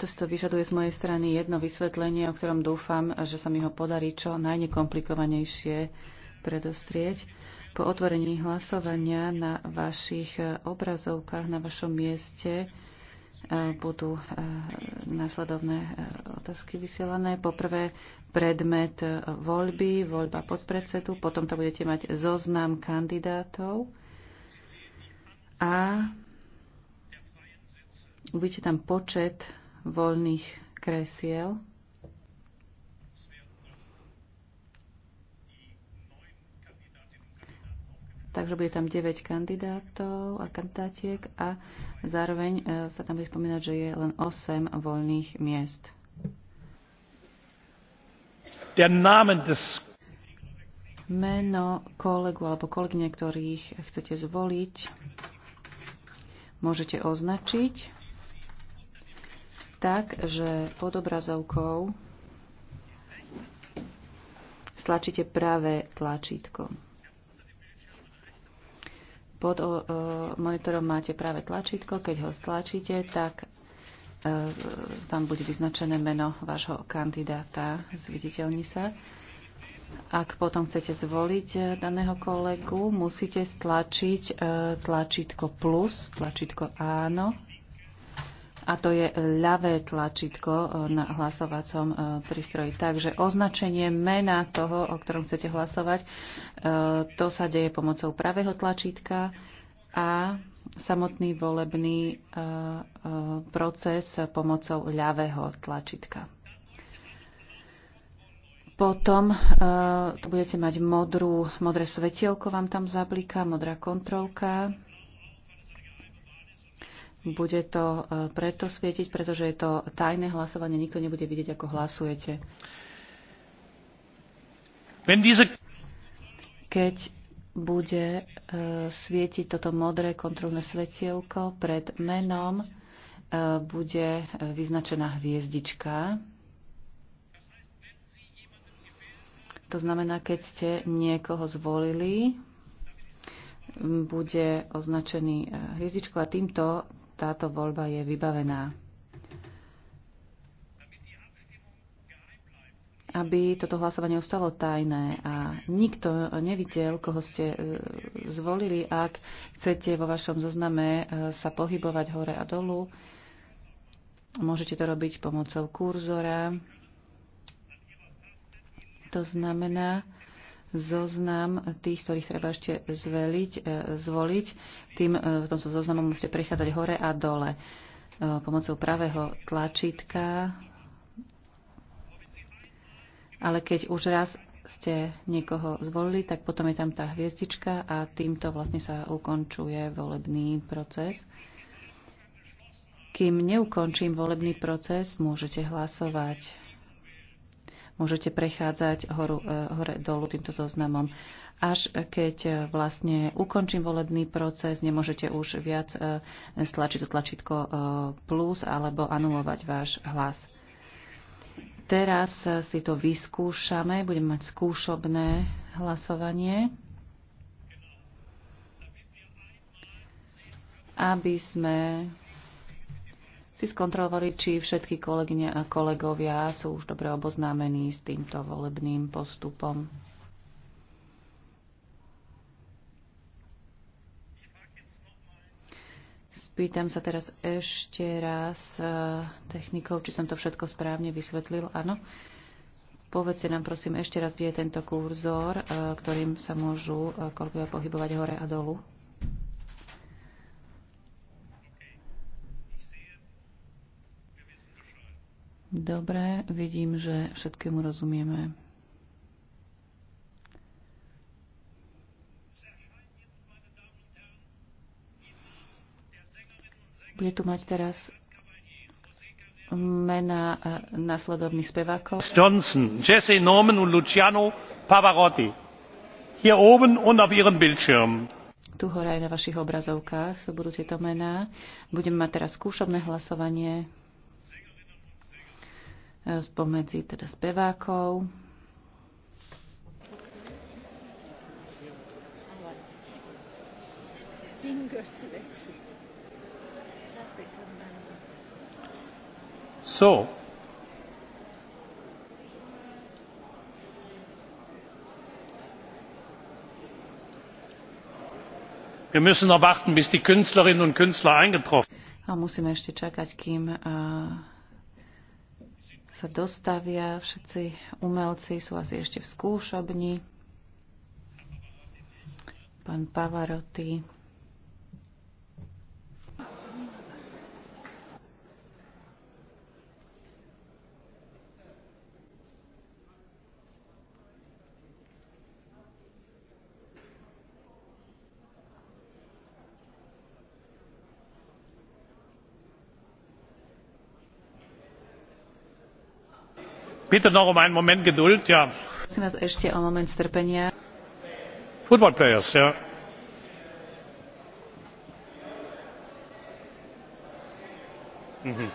Preto si to vyžaduje z mojej strany jedno vysvetlenie, o ktorom dúfam, že sa mi ho podarí čo najnekomplikovanejšie predostrieť. Po otvorení hlasovania na vašich eh, obrazovkách, na vašom mieste eh, budú eh, následovné otázky vysielané. Poprvé predmet voľby, voľba podpredsedu, potom to budete mať zoznam kandidátov a uvidíte tam počet voľných kresiel. Takže bude tam 9 kandidátov a kandidátiek a zároveň e, sa tam bude spomínať, že je len 8 voľných miest. Meno kolegu alebo kolegyne, ktorých chcete zvoliť, môžete označiť tak, že pod obrazovkou stlačíte práve tlačítko. Pod o, o, e, monitorom máte práve tlačítko, keď ho stlačíte, tak e, tam bude vyznačené meno vášho kandidáta, zviditeľní sa. Ak potom chcete zvoliť e, daného kolegu, musíte stlačiť e, tlačítko plus, tlačítko áno a to je ľavé tlačítko e, na hlasovacom e, prístroji. Takže označenie mena toho, o ktorom chcete hlasovať, e, to sa deje pomocou pravého tlačítka a samotný volebný proces pomocou ľavého tlačítka. Potom uh, budete mať modrú, modré svetielko vám tam zabliká, modrá kontrolka. Bude to e, preto svietiť, pretože je to tajné hlasovanie, nikto nebude vidieť, ako hlasujete. Keď bude e, svietiť toto modré kontrolné svetielko pred menom, e, bude vyznačená hviezdička. To znamená, keď ste niekoho zvolili, bude označený hviezdičko a týmto táto voľba je vybavená. aby toto hlasovanie ostalo tajné a nikto nevidel, koho ste e, zvolili, ak chcete vo vašom zozname e, sa pohybovať hore a dolu. Môžete to robiť pomocou kurzora. To znamená, zoznam tých, ktorých treba ešte zveliť, e, zvoliť. Tým e, v tomto zoznamom musíte prechádzať hore a dole e, pomocou pravého tlačítka. Ale keď už raz ste niekoho zvolili, tak potom je tam tá hviezdička a týmto vlastne sa ukončuje volebný proces. Kým neukončím volebný proces, môžete hlasovať. Môžete prechádzať horu, e, hore dolu týmto zoznamom. Až keď e, vlastne ukončím volebný proces, nemôžete už viac e, stlačiť to tlačítko plus alebo anulovať váš hlas. Teraz si to vyskúšame, budeme mať skúšobné hlasovanie. aby sme si skontrolovali, či všetky kolegyne a kolegovia sú už dobre oboznámení s týmto volebným postupom. Spýtam sa teraz ešte raz e, technikov, či som to všetko správne vysvetlil. Áno. Povedzte nám prosím ešte raz, kde je tento kurzor, e, ktorým sa môžu e, kolegovia pohybovať hore a dolu. Dobre, vidím, že všetkému rozumieme. Bude tu mať teraz mena eh, nasledovných spevákov. Johnson, Jesse Norman und Luciano Pavarotti. Hier oben und auf ihren Bildschirmen. Tu hore aj na vašich obrazovkách budú tieto mená. Budeme mať teraz skúšobné hlasovanie. Eh, spomedzi teda spevákov. So, wir müssen noch warten, bis die Künstlerinnen und Künstler eingetroffen. A musíme ešte čakať, kým uh, sa dostavia. Všetci umelci sú asi ešte v skúšobni. Pán Pavarotti. bitte noch um einen moment geduld ja. prosím vás ešte o moment strpenia. football players ja. Mhm.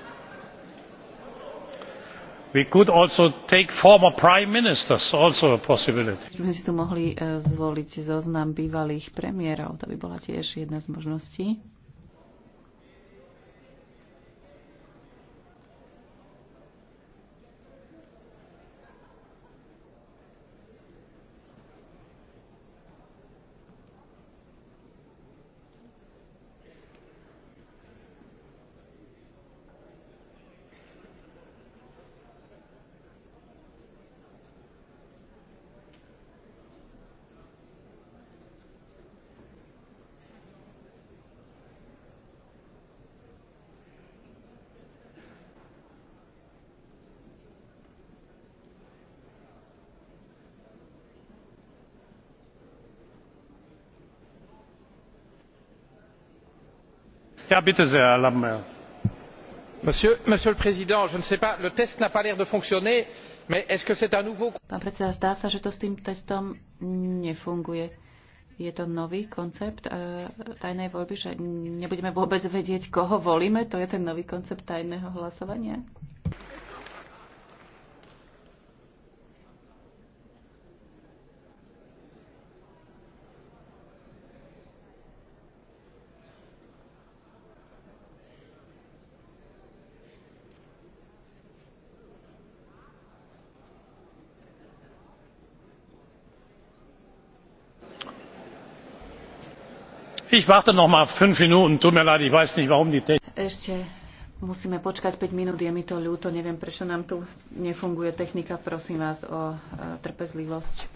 we could also take former prime ministers also a possibility. by sme si tu mohli eh, zvoliť zoznam bývalých premiérov to by bola tiež jedna z možností. monsieur le président je ne sais pas le test n'a pas l'air de fonctionner mais est ce que c'est un nouveau. pán predseda zdá sa že to s tým testom nefunguje. je to nový koncept e, tajnej voľby že nebudeme vôbec vedieť koho volíme to je ten nový koncept tajného hlasovania? ich warte noch mal fünf minuten tut mir leid ich weiß nicht warum die ešte musíme počkať päť minút je mi to ľúto neviem prečo nám tu nefunguje technika prosím vás o e, trpezlivosť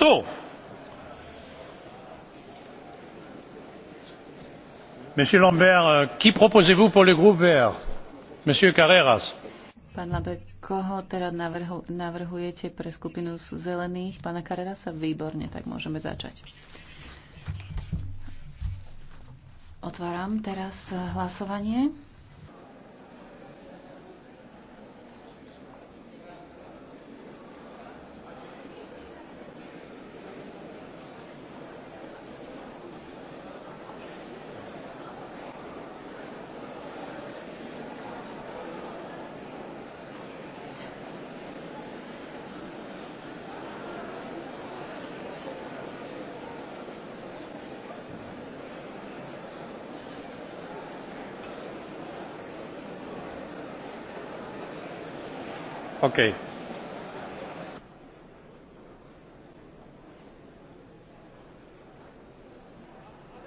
So. Monsieur Lambert, euh, qui proposez-vous pour le groupe vert? Monsieur Carreras. Pán Lambert, koho teda navrhu, navrhujete pre skupinu zelených? Pána Carrerasa? Výborne, tak môžeme začať. Otváram teraz hlasovanie. okay.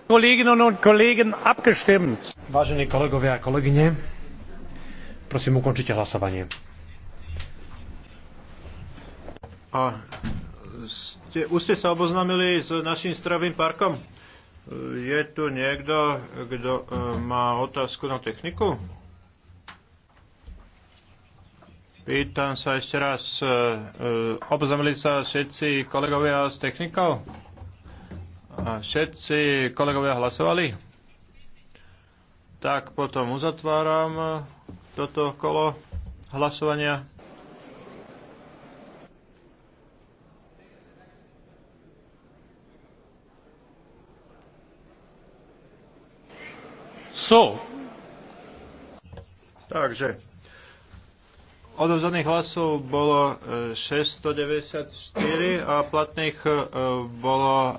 kolleginnen und kollegen abgestimmt. Vážení kolegovia a kolegyne, prosím ukončite hlasovanie. A ste, už ste sa oboznámili s našim stravým parkom? Je tu niekto, kto e, má otázku na techniku? Pýtam sa ešte raz, e, e, obozomili sa všetci kolegovia s technikou? Všetci kolegovia hlasovali? Tak potom uzatváram toto kolo hlasovania. So. Takže Odovzdaných hlasov bolo 694 e, a platných e, bolo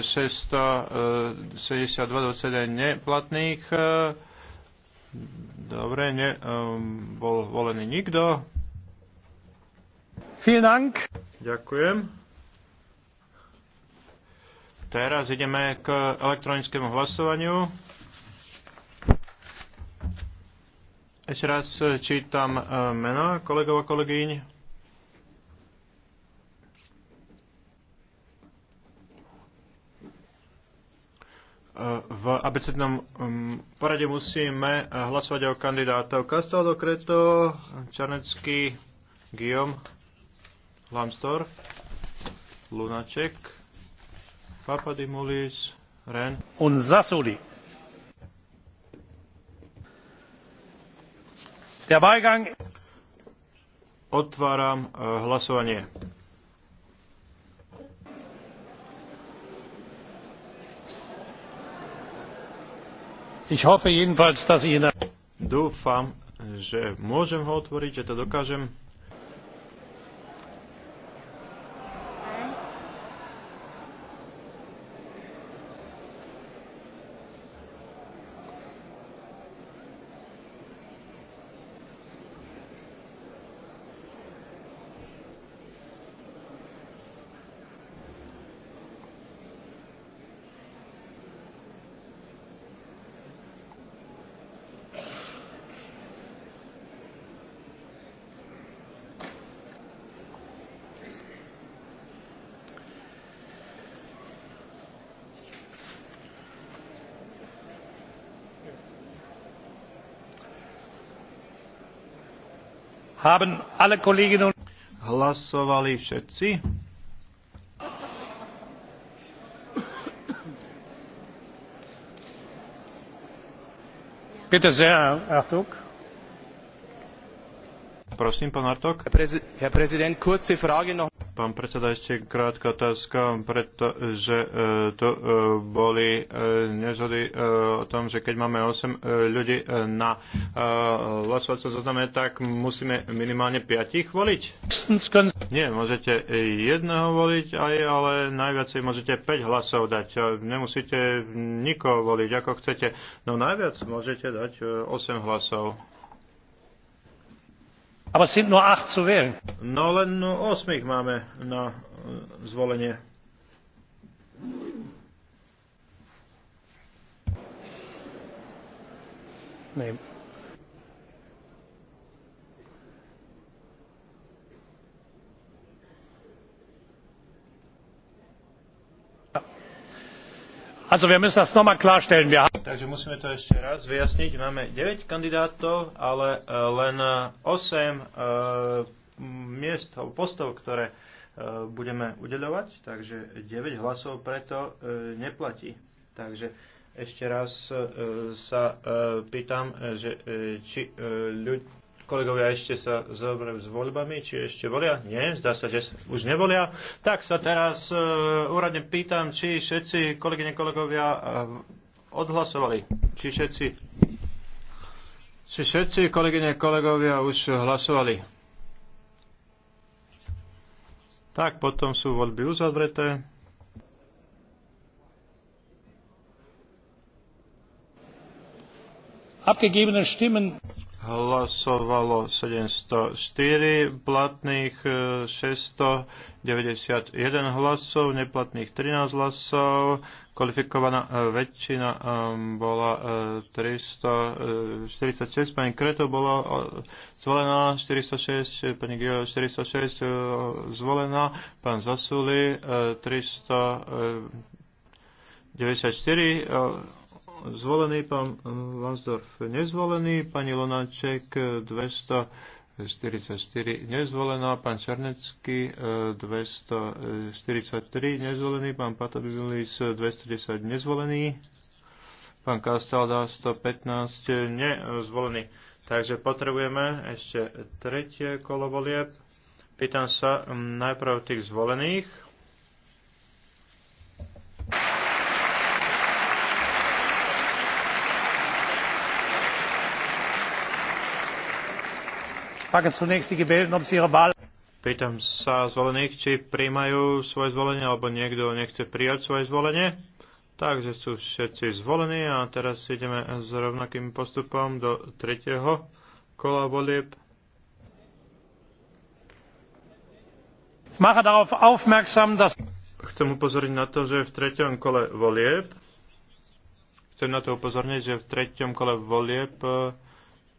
672,27 e, neplatných. Dobre, ne, bol volený nikto. Vielen Dank. Ďakujem. Teraz ideme k elektronickému hlasovaniu. Ešte raz eh, čítam eh, mena kolegov a kolegyň. Eh, v abecednom mm, porade musíme hlasovať o kandidátov Castaldo Kreto, Čarnecký, Guillaume, Lambsdorff, Lunaček, Papadimulis, Ren. Un zasúdi. Der Wahlgang. Otváram eh, hlasovanie. Ich hoffe jedenfalls, dass Ihnen. Dúfam, že môžem ho otvoriť, že to dokážem. Haben alle Kolleginnen und Hlasovali všetci? Bitte sehr, Herr Prosím, pán Artok. Herr Präsident, kurze Frage noch. Pán predseda, ešte krátka otázka, pretože e, tu e, boli e, nezhody o tom, že keď máme 8 ľudí na hlasovacom zozname, tak musíme minimálne 5 voliť. Nie, môžete jedného voliť aj, ale najviac si môžete 5 hlasov dať. Nemusíte nikoho voliť, ako chcete. No najviac môžete dať 8 hlasov. Aber es sind nur acht zu wählen. No len no osmých máme na e, zvolenie. Nee. Also wir müssen das nochmal klarstellen. Wir Takže musíme to ešte raz vyjasniť. Máme 9 kandidátov, ale uh, len 8 uh, eh, eh, miest alebo postov, ktoré uh, budeme udeľovať, takže 9 hlasov preto uh, neplatí. Takže ešte raz uh, sa uh, pýtam, že uh, či uh, ľudia kolegovia ešte sa zaoberajú s voľbami, či ešte volia? Nie, zdá sa, že už nevolia. Tak sa teraz uh, úradne pýtam, či všetci kolegyne kolegovia uh, odhlasovali. Či všetci, či všetci kolegyne kolegovia už hlasovali. Tak, potom sú voľby uzavreté. Abgegebene stimmen hlasovalo 704 platných, 691 e, hlasov, neplatných 13 hlasov, kvalifikovaná e, väčšina e, bola 346, pani Kreto bola zvolená 406, pani Gio 406 zvolená, pán Zasuli 394 zvolený, pán Lansdorf nezvolený, pani Lonáček 244 nezvolená, pán Čarnecký 243 nezvolený, pán Patobilis 210 nezvolený, pán Kastalda 115 nezvolený. Takže potrebujeme ešte tretie kolo volieb. Pýtam sa najprv tých zvolených. frage zunächst die gewählten ob sie ihre wahl Pýtam sa zvolených, či príjmajú svoje zvolenie, alebo niekto nechce prijať svoje zvolenie. Takže sú všetci zvolení a teraz ideme s rovnakým postupom do tretieho kola volieb. Chcem upozorniť na to, že v treťom kole volieb chcem na to upozorniť, že v treťom kole volieb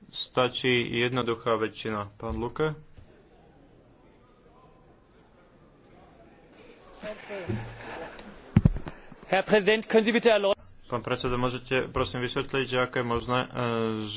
stačí jednoduchá väčšina. Pán Luke? Herr Präsident, können Sie bitte erläutern? Pán predseda, môžete prosím vysvetliť, že ako je možné, eh, že